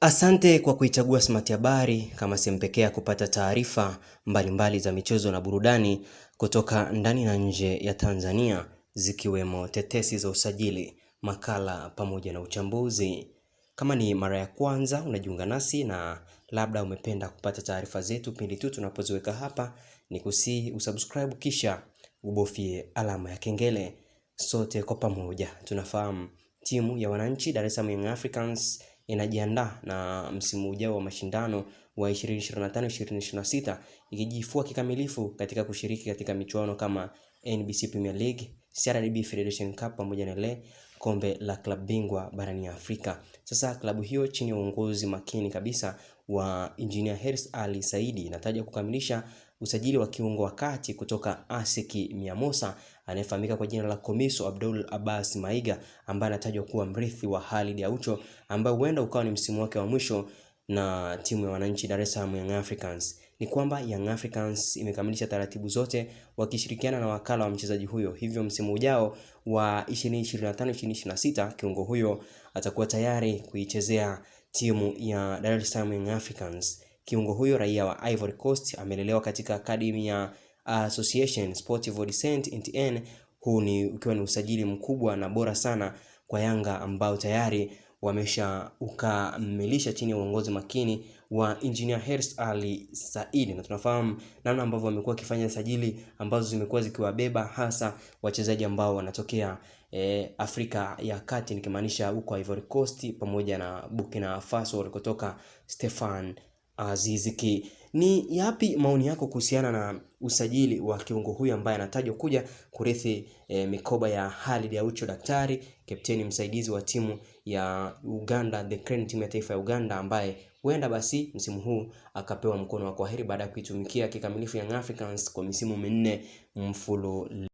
Asante kwa kuichagua Smart Habari kama sehemu pekee ya kupata taarifa mbalimbali za michezo na burudani kutoka ndani na nje ya Tanzania zikiwemo tetesi za usajili, makala pamoja na uchambuzi. Kama ni mara ya kwanza unajiunga nasi na labda umependa kupata taarifa zetu pindi tu tunapoziweka hapa, ni kusihi usubscribe kisha ubofie alama ya kengele. Sote kwa pamoja tunafahamu timu ya wananchi Dar es Salaam Young Africans inajiandaa na msimu ujao wa mashindano wa 2025-2026 ikijifua kikamilifu katika kushiriki katika michuano kama NBC Premier League, CRDB Federation Cup pamoja na ile kombe la klabu bingwa barani Afrika. Sasa klabu hiyo chini ya uongozi makini kabisa wa Engineer Hersi Ali Saidi inataja kukamilisha usajili wa kiungo wa kati kutoka Asiki Miamosa anayefahamika kwa jina la Komiso Abdul Abbas Maiga ambaye anatajwa kuwa mrithi wa Khalid Aucho ambaye huenda ukawa ni msimu wake wa mwisho na timu ya wananchi Dar es Salaam Young Africans. Ni kwamba Young Africans imekamilisha taratibu zote wakishirikiana na wakala wa mchezaji huyo, hivyo msimu ujao wa 2025 2026 kiungo huyo atakuwa tayari kuichezea timu ya Dar es Salaam Young Africans. Kiungo huyo raia wa Ivory Coast amelelewa katika akademi ya uh, Association Sportive Saint Etienne, huu ni ukiwa ni usajili mkubwa na bora sana kwa Yanga ambao tayari wamesha ukamilisha chini ya uongozi makini wa engineer Hersi Ali Said, na tunafahamu namna ambavyo wamekuwa wakifanya sajili ambazo zimekuwa zikiwabeba hasa wachezaji ambao wanatokea e, Afrika ya Kati, nikimaanisha huko Ivory Coast pamoja na Burkina Faso walikotoka Stefan Aziziki. Ah, Ni yapi maoni yako kuhusiana na usajili wa kiungo huyu ambaye anatajwa kuja kurithi e, mikoba ya Khalid Aucho Daktari, kapteni msaidizi wa timu ya Uganda the Crane, timu ya taifa ya Uganda ambaye huenda basi msimu huu akapewa mkono wa kwaheri baada ya kuitumikia kikamilifu Young Africans kwa misimu minne mfululizo.